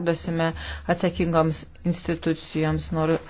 perdosime atsakingoms institucijoms. Noriu